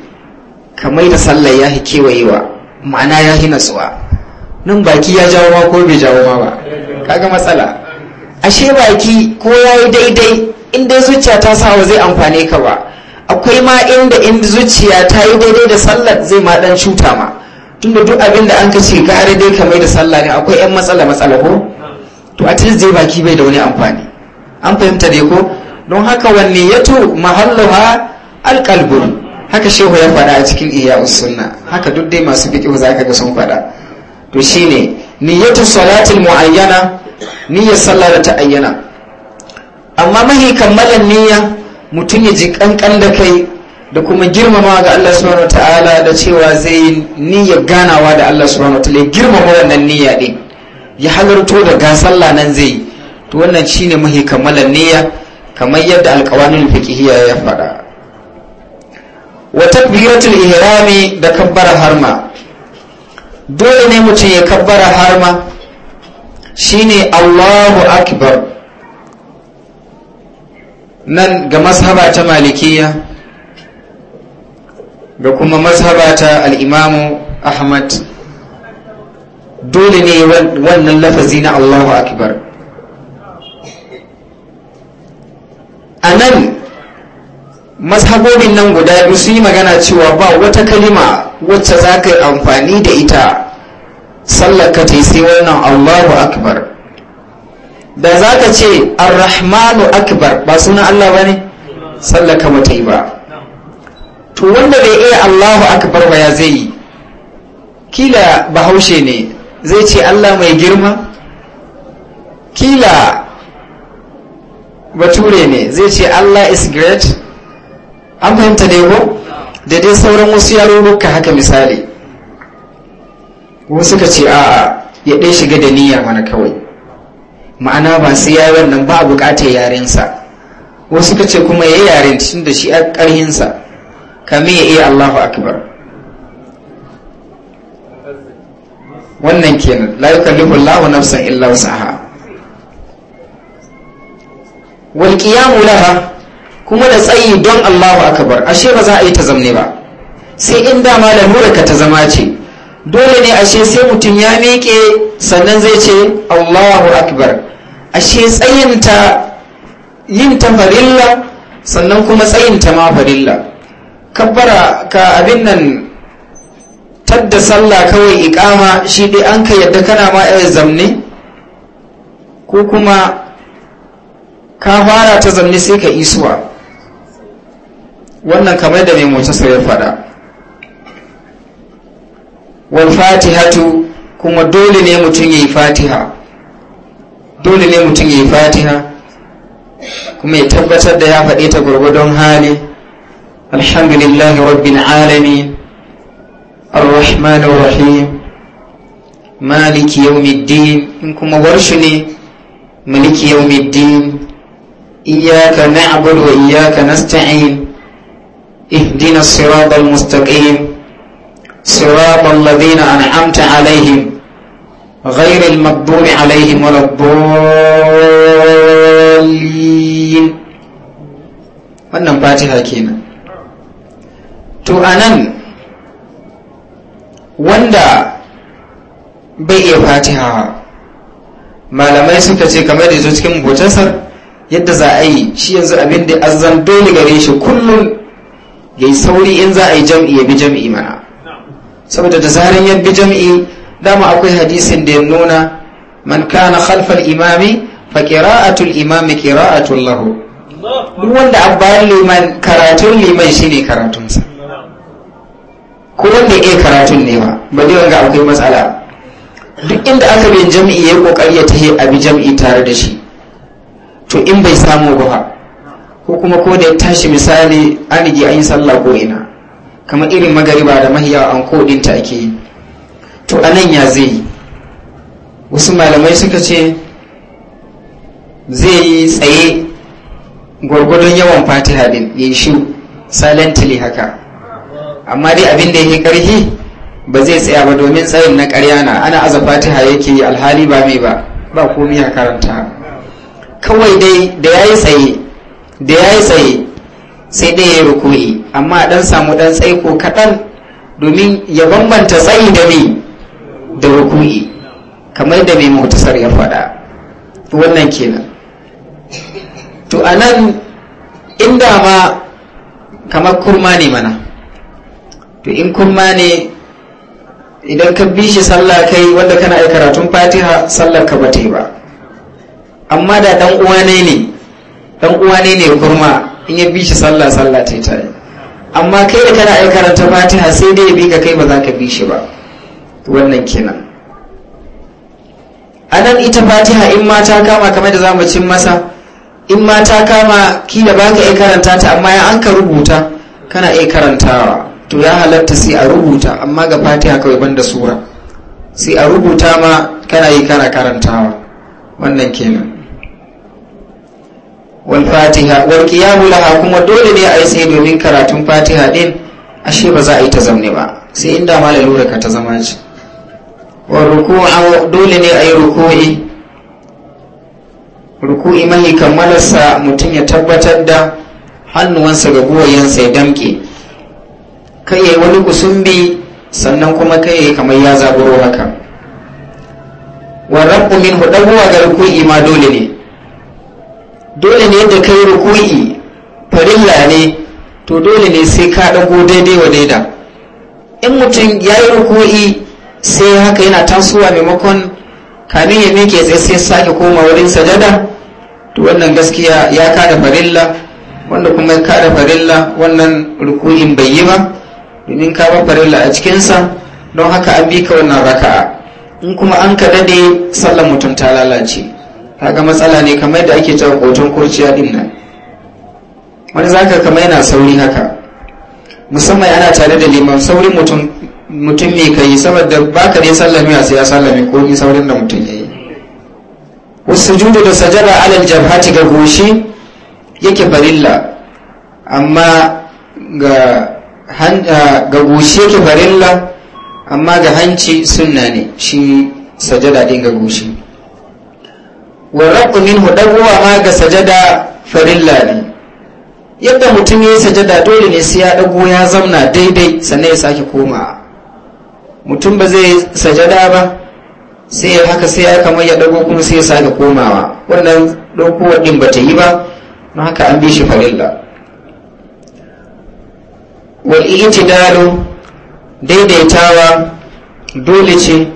Speaker 1: kamar da sallar ya fi kewayewa ma'ana ya fi natsuwa nan baki ya jawo ma ko bai jawo ma ba kaga matsala ashe baki ko ya yi daidai inda zuciya ta sawa zai amfane ka ba akwai ma inda in zuciya ta yi daidai da sallar zai ma dan cuta ma Tun da duk abin da an ka ce gare dai kamar da sallah ne akwai yan matsala matsala ko to a tilis zai baki bai da wani amfani an fahimta dai ko don haka wanne ya to mahalluha alƙalbun haka shehu ya faɗa a cikin iya sunna haka duk dai masu fiƙi za ka ga sun faɗa to shi shine niyyatu salatil muayyana niyyar sallah da ta ayyana amma mahi kammalan niyya mutum ya ji kankan da kai da kuma girmama ga Allah subhanahu wataala da cewa zai yi niyyar ganawa da Allah subhanahu wataala girmama wannan niyya din ya halarto da ga sallah nan zai to wannan shine mahi kammalan niyya kamar yadda alkawanin fikihiya ya faɗa wa takbiratul ihrami da kabbara harma dole ne mutum ya kabbara harma shine Allahu akbar nan ga mazhaba ta malikiya ga kuma mazhaba ta al'imamu ahmad dole ne wannan lafazi na Allahu akbar a nan mazhabobin nan guda biyu su yi magana cewa ba wata kalima wacce za ka yi amfani da ita sallaka ta sai wannan allahu akbar da za ka ce arrahmanu akbar ba suna allah ba ne sallaka mata yi ba to wanda bai iya allahu akbar ba ya zai yi kila bahaushe ne zai ce allah mai girma kila bature ne zai ce allah is great an fahimta dai ko da dai sauran wasu yarurruka haka misali wasu ka ce a ya ɗai shiga da niyyar mana kawai ma'ana ba sai ya wannan ba a buƙatar yarensa wasu ka ce kuma ya yaren tun da shi a ƙarhinsa kamar ya iya allahu akbar wannan kenan la yukallifu allahu nafsan illa wasaha Walƙiyamu laha kuma da tsayi don Allahu akbar ashe ba za a yi ta zamne ba sai in dama lalura ka ta zama ce dole ne ashe sai mutum ya miƙe sannan zai ce Allahu akbar ashe tsayinta yin ta farilla sannan kuma tsayinta ma farilla kabbara ka abin nan tadda sallah kawai iƙama shi dai an ka yadda kana ma zamne ko kuma ka fara ta zanne sai ka isuwa wannan kamar da mai mace sau ya faɗa wal fatihatu kuma dole ne mutum ya yi fatiha dole ne mutum ya yi fatiha kuma ya tabbatar da ya faɗe ta gwargwadon hali alhamdulillahi rabbil alamin الرحمن الرحيم مالك يوم الدين إن كما ورشني ملك يوم الدين إياك نعبد وإياك نستعين اهدنا الصراط المستقيم صراط الذين أنعمت عليهم غير المقبول عليهم ولا الضالين wannan fatiha kenan to anan wanda bai iya fatiha malamai suka ce kamar da zo cikin butasar yadda za a yi shi yanzu abin da azan dole gare shi kullum ya yi sauri in za a yi jam'i ya bi jam'i mana saboda da zaran ya bi jam'i dama akwai hadisin da ya nuna man kana khalfal imami fa qira'atul imami qira'atul lahu duk wanda a bayan liman karatun liman shine karatunsa ko wanda ya karatun ne ba ba dai wanga akwai matsala duk inda aka bin jam'i ya kokari ya tahi a bi jam'i tare da shi to in bai samu ba ko kuma ko da ya tashi misali an an yi sallah ko ina Kama irin magariba da mahiya an kodin ta ake yi to anan ya zai wasu malamai suka ce zai yi tsaye gwargwadon yawan fatiha din ya shi silently haka amma dai abin da yake karhi ba zai tsaya ba domin tsayin na karya na ana aza fatiha yake alhali ba mai ba ba komai ya karanta kawai dai da ya yi tsaye da ya yi tsaye sai dai ya amma dan samu dan ko kaɗan domin ya bambanta tsayi da ne da rukuhi kamar da mai motasar ya faɗa wannan kenan to a nan inda ma kamar kurma ne mana to in kurma ne idan ka bi shi sallah kai wanda kana aikaratun karatun fatiha sallar ka bata yi ba amma da dan uwa ne dan uwa ne kurma in ya bi shi sallah sallah ta ta amma kai da kana ai karanta fatiha sai dai ya bi ka kai ba za ka bi shi ba wannan kenan anan ita fatiha in ma ta kama kamar da zamu cin masa in ma ta kama da baka iya karanta ta amma ya an ka rubuta kana iya karantawa to ya halatta sai a rubuta amma ga fatiha kawai banda sura sai a rubuta ma kana yi kana karantawa wannan kenan wal fatiha wal qiyam laha kuma dole ne a yi tsaye domin karatun fatiha din ashe ba za a yi ta zamne ba sai inda malai lura ka ta zama ji wa ruku'a dole ne a yi ruku'i ruku'i mahi kammalarsa mutum ya tabbatar da hannuwansa ga buwayensa ya damke kai ya yi wani kusumbi sannan kuma kai ya yi kamar ya zaburo haka wa rabbu min hudabuwa ga ruku'i ma dole ne dole ne da kai ruku'i farilla ne to dole ne sai ka ɗago daidai wa daida in mutum ya yi ruku'i sai haka yana tasowa maimakon kamin ya mike tsaye sai sake koma wurin sajada to wannan gaskiya ya kada farilla wanda kuma ya kada farilla wannan ruku'in bai yi ba domin ka ba farilla a cikinsa don haka an bi ka wannan raka'a in kuma an ka dade sallan mutum ta lalace kaga matsala ne kamar da ake cewa hoton kurciya din nan wani zaka kamar yana sauri haka musamman ana tare da liman saurin mutum mutum ne kai saboda baka ne sallami a sai ya sallame ko ni saurin da mutum yayi wasu judu da sajada alal jabhati ga goshi yake barilla amma ga ah, ga goshi yake barilla amma ga hanci sunna ne shi sajada din ga goshi wa rabu minhu ɗaguwa ma ga sajada farilla ne yadda mutum ya yi sajada dole ne sai ya ɗago ya zamna daidai sannan ya sake koma mutum ba zai sajada ba sai ya haka sai ya kamar ya ɗago kuma sai ya sake komawa wannan ɗaukowar ɗin ba ta yi ba don haka an bi shi farilla wal ijtidalu daidaitawa dole ce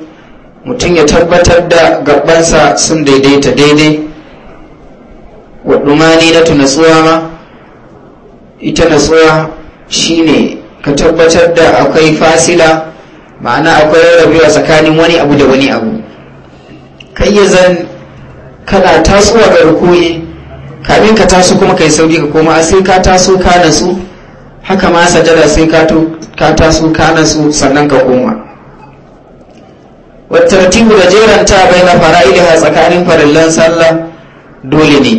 Speaker 1: mutum ya tabbatar da gabansa sun daidaita daidai wa dumani na tunatsuwa ma ita natsuwa shine ka tabbatar da akwai fasila ma'ana akwai rarrabewa tsakanin wani abu da wani abu kayyazan kana tasowa ga rukuyi kamin ka taso kuma kai sauki ka koma sai ka taso ka nasu haka ma sajada sai ka taso ka nasu sannan ka koma wattartibu da jeranta bai na fara'idiha tsakanin farillan sallah dole ne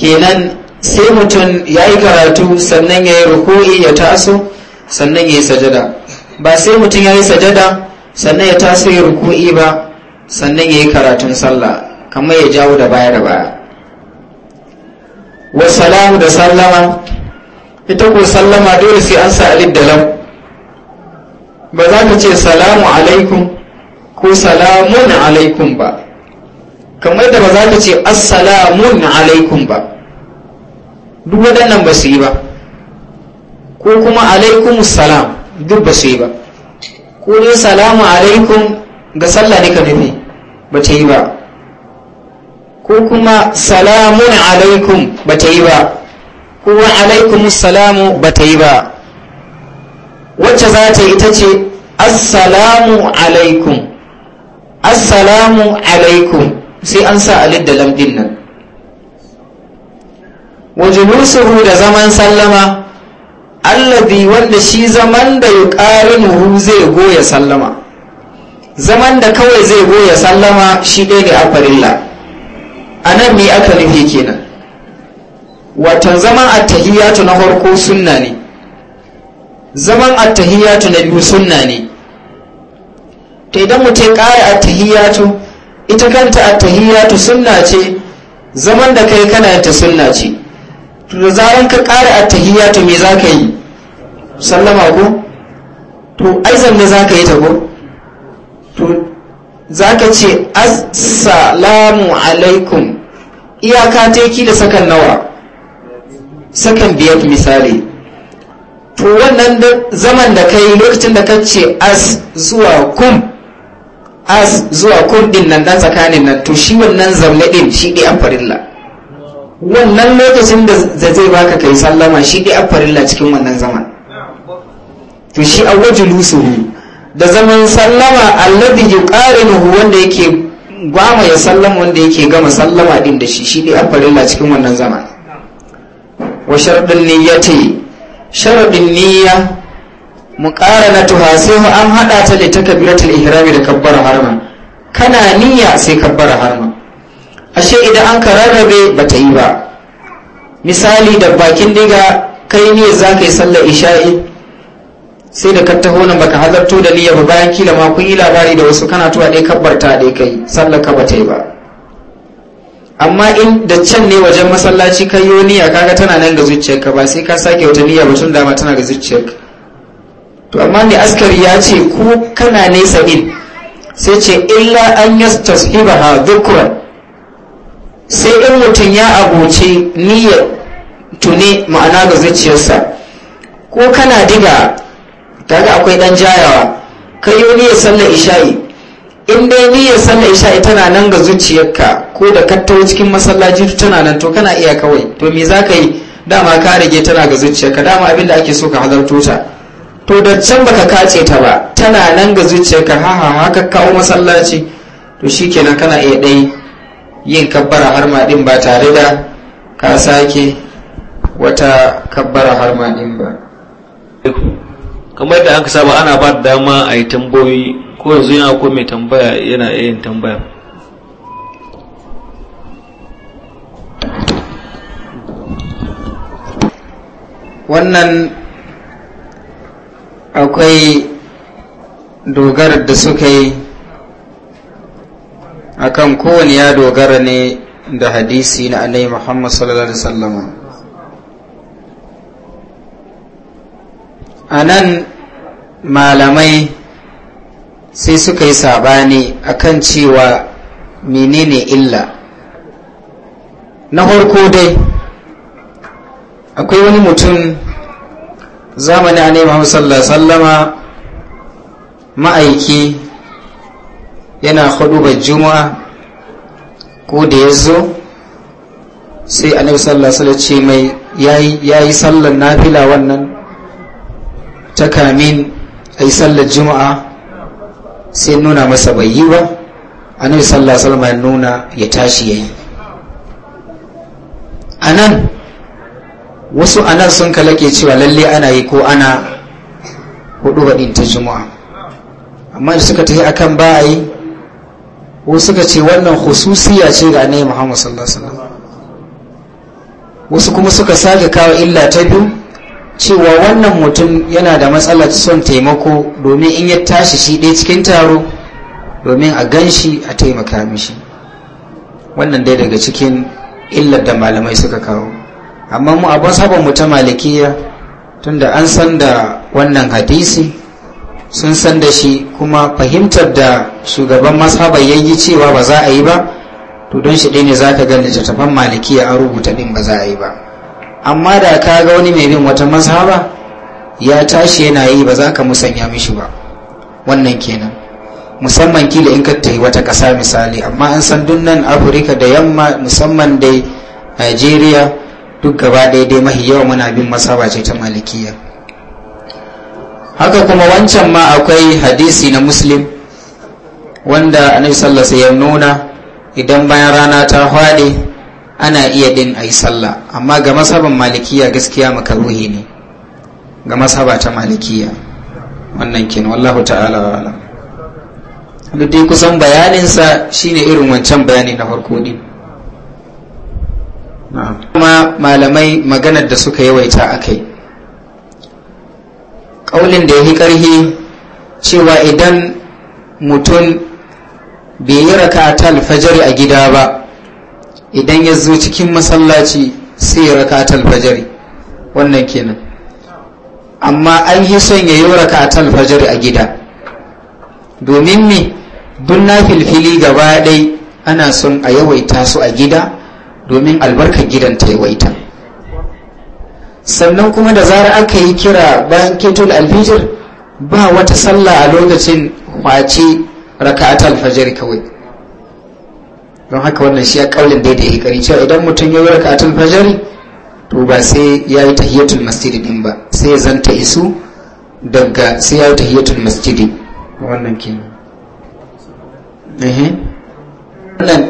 Speaker 1: kenan sai mutum ya yi karatu sannan ya yi ruku'i ya taso sannan ya yi sajada ba sai mutum ya yi sajada sannan ya taso ya ruku'i ba sannan ya yi karatun sallah kamar ya jawo da baya da baya wasalamu da sallama ita ko sallama dole sai an sa alif da lam ba za ka ce salamu alaikum ko salamun alaikum ba kamar da ba za ka ce assalamun alaikum ba duk waɗannan ba su yi ba ko kuma alaikum salam duk ba su yi ba ko ne salamu alaikum ga sallah ne ka nufi ba ta yi ba ko kuma salamun alaikum ba ta yi ba ko wa alaikum salamu ba ta yi ba wacce za ta yi ita ce assalamu alaikum assalamu alaikum sai an sa alid da lam din nan wajulusuhu da zaman sallama bi wanda shi zaman da ya yuqarinuhu zai goya sallama zaman da kawai zai goya sallama shi dai ne A nan ne aka nufi kenan watan zaman attahiyatu na farko sunna ne zaman attahiyatu na biyu sunna ne ta idan mutum ƙara attahiyatu ita kanta attahiyatu sunna ce zaman da kai kana ta sunna ce to da zaran ka ƙara attahiyatu me za ka yi sallama ko to ai da za ka yi ta ko to za ka ce assalamu alaikum iyaka ta yi da sakan nawa sakan biyar misali to wannan zaman da kai lokacin da ka ce as zuwa kum az zuwa kurdin nan dan tsakanin nan to shi wannan din shi dai an wannan lokacin da zai baka kai sallama shi dai amfarilla cikin wannan zaman to shi awwajulu suhu da zaman sallama alladhi yuqarinuhu wanda yake gwama ya sallama wanda yake gama sallama din da shi shi dai amfarilla cikin wannan zaman wa sharadun niyyati sharadun niyya muqaranatuha sai an haɗa ta da takabiratul ihrami da kabbara harma kana niyya sai kabbara harma ashe idan an kararrabe bata yi ba misali da bakin diga kai ne za ka yi sallar isha'i sai da ka taho nan baka halarto da niyya ba bayan kila ma kun yi labari da wasu kana tuwa ɗaya kabbarta ɗaya kai sallar ka bata yi ba amma in da can ne wajen masallaci kai yo niyya kaga tana nan ga zuciyarka ba sai ka sake wata niyya ba tun dama tana ga zuciyarka to amma ne askari ya ce ko kana nesa din sai ce illa an yastashibaha dhikran sai in mutum ya agoce niyyar tuni ma'ana ga zuciyarsa ko kana diga kaga akwai dan jayawa kai yau niyyar sallar isha'i in dai niyyar sallar isha'i tana nan ga zuciyarka ko da ka cikin masallaci tana nan to kana iya kawai to me za ka yi dama ka rage tana ga zuciyarka dama abin da ake so ka halarto ta to da can baka kace ta ba tana nan ga zuciyarka ha ha ha ka kawo masallaci to shikenan kana iya dai yin kabbara harma din ba tare da ka sake wata kabbara harma din ba kamar da an saba ana ba da dama a yi tambayoyi ko yanzu yana ko mai tambaya yana iya yin tambaya wannan akwai dogar da suka yi a kan kowane ya dogara ne da hadisi na annabi Muhammad sallallahu alaihi wasallam nan malamai sai suka yi sabani kan cewa menene illa na farko dai akwai wani mutum Zamani a Muhammad sallallahu sallama ma'aiki yana hudubar juma'a ko da ya zo sai annabi sallallahu sallah wasallam ce mai ya yi sallar nafila wannan ta kamin yi sallar juma'a sai nuna masa bai yi ba annabi sallallahu sallah wasallam ya nuna ya tashi a nan wasu anan sun kalake cewa lalle ana yi ko ana hudu baɗin ta juma'a amma da suka tafi akan ba a yi wasu suka ce wannan khususiya ce ga annabi muhammad sallallahu alaihi wasallam wasu kuma suka sake kawo illa ta biyu cewa wannan mutum yana da matsalar son taimako domin in ya tashi shi ɗaya cikin taro domin a gan shi a taimaka mishi wannan dai daga cikin illar da malamai suka kawo amma mu a sabon mu ta malikiya tunda an san da wannan hadisi sun san da shi kuma fahimtar da shugaban masaba ya cewa ba za a yi ba to don shi ne za ka ga littattafan malikiya an rubuta din ba za a yi ba amma da ka ga wani mai bin wata masaba ya tashi yana yi ba za ka musanya mishi ba wannan kenan musamman kila in ka tafi wata ƙasa misali amma an san dunnan afirka da yamma musamman dai nigeria duk gaba daidai mahi yawa muna bin masaba ce ta malikiya haka kuma wancan ma akwai hadisi na muslim wanda annabi sallallahu ya nuna idan bayan rana ta hwaɗe ana iya din a yi sallah amma ga masaban malikiya gaskiya makaruhi ne ga masaba ta malikiya wannan kin wallahu ta'ala wa'ala duk kusan bayaninsa shine irin wancan bayani na farko din kuma malamai maganar da suka yawaita a kai ƙaunin da ya yi ƙarhi cewa idan mutum bai yi raka ta alfajari a gida ba idan ya zo cikin masallaci sai ya raka ta alfajari wannan kenan amma an yi son ya yi raka ta alfajari a gida domin ne dun na filfili gaba ɗai ana son a yawaita su a gida domin albarkar gidan ta yawaita sannan kuma da zarar aka yi kira bayan ketul alfijir ba wata sallah a lokacin kwace raka'at alfajir kawai don haka wannan shi ya kaulin daidai kari cewa idan mutum ya yi raka'at alfajir to ba sai ya yi tahiyatul masjidi din ba sai ya zanta isu daga sai ya yi tahiyatul masjidi wannan kenan wannan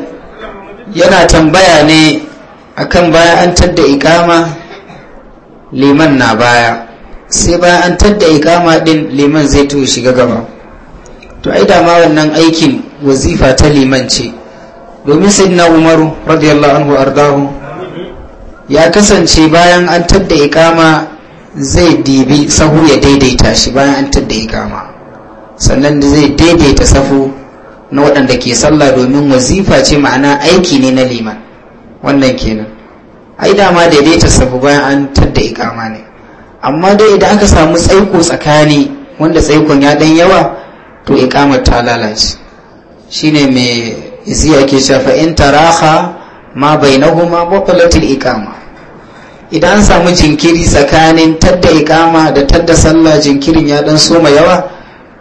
Speaker 1: yana tambaya ne akan bayan an tadda ikama liman na baya sai bayan an tadda ikama din liman zai to shiga gaba to ai dama wannan aikin wazifa ta liman ce domin sayyidina umaru radiyallahu anhu ardahu ya kasance bayan an tadda ikama zai dibi sahu ya daidaita shi bayan an tadda ikama sannan zai daidaita safu na waɗanda ke sallah domin wazifa ce ma'ana aiki ne na liman wannan kenan ai dama daidaita sabu bayan an tadda ikama ne amma dai idan aka samu tsaiko tsakani wanda tsaikon ya dan yawa to ikamar ta lalace shine mai isiya ke shafa in taraha ma bainahuma bafalatil ikama idan an samu jinkiri tsakanin tadda ikama da tadda sallah jinkirin ya dan soma yawa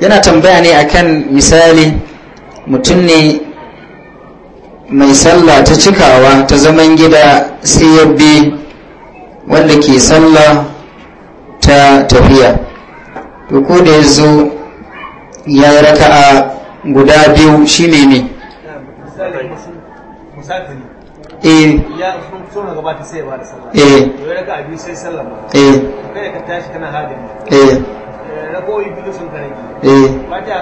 Speaker 1: yana tambaya ne akan misali mutum ne mai sallah ta cikawa ta zaman gida sai ya bi wanda ke sallah ta tafiya to ko da ya zo ya raka'a guda biyu shi ne misali eh ya gaba ta ba da sallah eh to eh. ka tashi eh. Eh, sun ka ba ta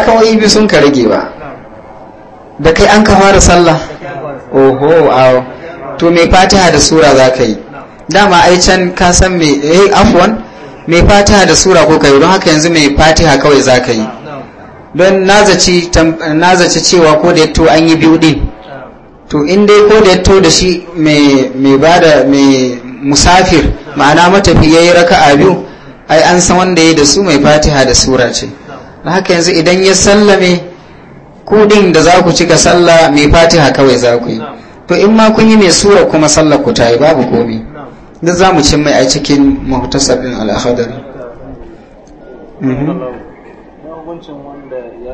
Speaker 1: akwai da sun ka ba da kai an ka fara sallah oho awo to mai fatiha da sura za ka yi dama ai can ka san mai eh afwan mai fatiha da sura ko kai don haka yanzu mai fatiha kawai za ka yi don nazaci cewa ko da yato an yi biyu din to in dai ko da yato da shi mai ba da mai musafir ma'ana matafi ya yi raka a biyu ai an san wanda ya da su mai fatiha da sura ce haka yanzu idan ya sallame kudin da za ku cika sallah mai fatiha kawai za ku yi to in ma kun yi mai sura kuma sallah ku ta yi babu komi duk za mu cin mai a cikin mahutasar din al'ahadari mhm.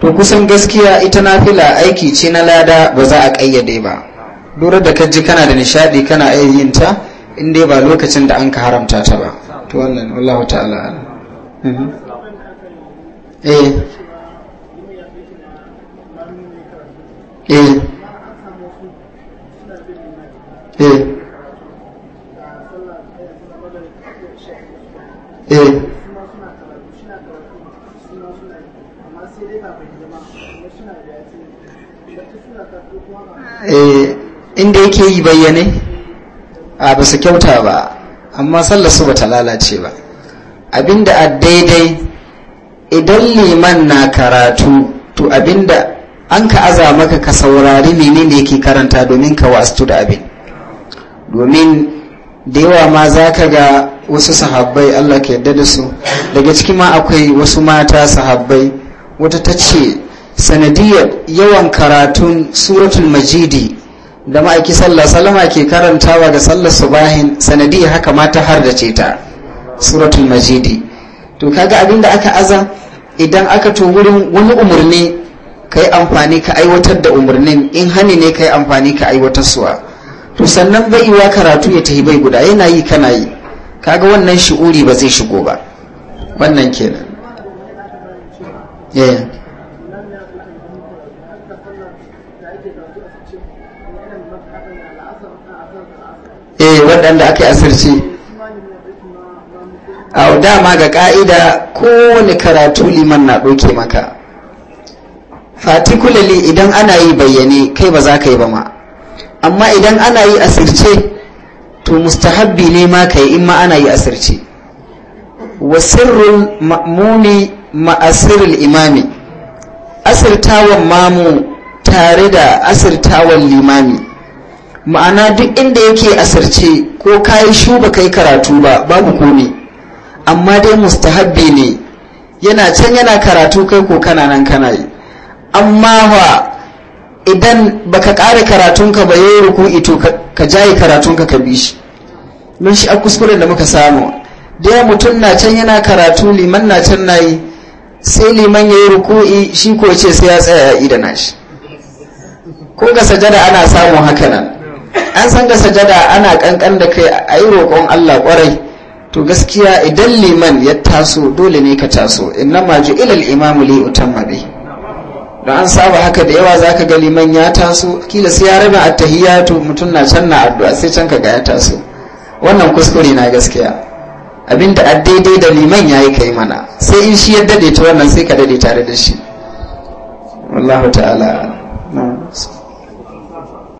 Speaker 1: to kusan gaskiya ita nafila aiki ce na lada ba za a ƙayyade ba lura da kaji kana da nishadi kana iya yin ta inda ba lokacin da an ka haramta ta ba to wannan wallahu ta'ala mhm. eh eh eh eh Eh, inda yake yi bayyane a ba su kyauta ba amma sallar su ba ta lalace ba abinda a daidai idan liman na karatu to abinda an ka aza maka ka saurari menene yake karanta domin ka wasu da abin domin da yawa ma za ka ga wasu sahabbai Allah ka yadda da su daga ciki ma akwai wasu mata sahabbai wata ta ce sanadiyar yawan karatun suratul majidi da ma'aiki sallah salama ke karantawa ga sallar subahin sanadiyar haka mata har da ce ta suratul majidi to kaga abin da aka aza idan aka to wani umarni ka yi amfani ka aiwatar da umarnin in hani ne ka yi amfani ka aiwatar suwa to sannan baiwa karatu ya tafi bai guda yana yi kana yi kaga wannan shi'uri ba zai shigo ba wannan kenan yeah. eh waɗanda aka yi asirce a dama ga ƙa'ida kowane karatu liman na ɗauke maka particularly idan ana yi bayyane kai ba za ka yi ba ma amma idan ana yi asirce to mustahabbi ne ma ka yi in ma ana yi asirce wasirrul ma'mumi ma'asirul imami asirtawan mamu tare da asirtawan limami ma'ana duk inda yake asirce ko kayi shu ba kai karatu ba babu komi amma dai mustahabbi ne yana can yana karatu kai ko kana nan kana yi amma wa idan baka ƙara karatunka ba yayi ruku'i to ka jaye karatunka ka bi shi Mun shi a kuskuren da muka samu da mutum na can yana karatu liman na can na yi sai liman ya yi ruku'i shi ko ce sai ya tsaya ya idana shi ko ga sajada ana samun haka nan an san da sajada ana kankan da kai a yi roƙon Allah ƙwarai to gaskiya idan liman ya taso dole ne ka taso inna ma ju'ila ilal imamu li utamma da an saba haka da yawa zaka ga liman ya taso kila sai ya raba attahiyatu mutun na canna addu'a sai can ka ga ya taso wannan kuskure na gaskiya abinda a daidai da liman yayi kai mana sai in shi ya dade ta wannan sai ka dade tare da shi wallahu ta'ala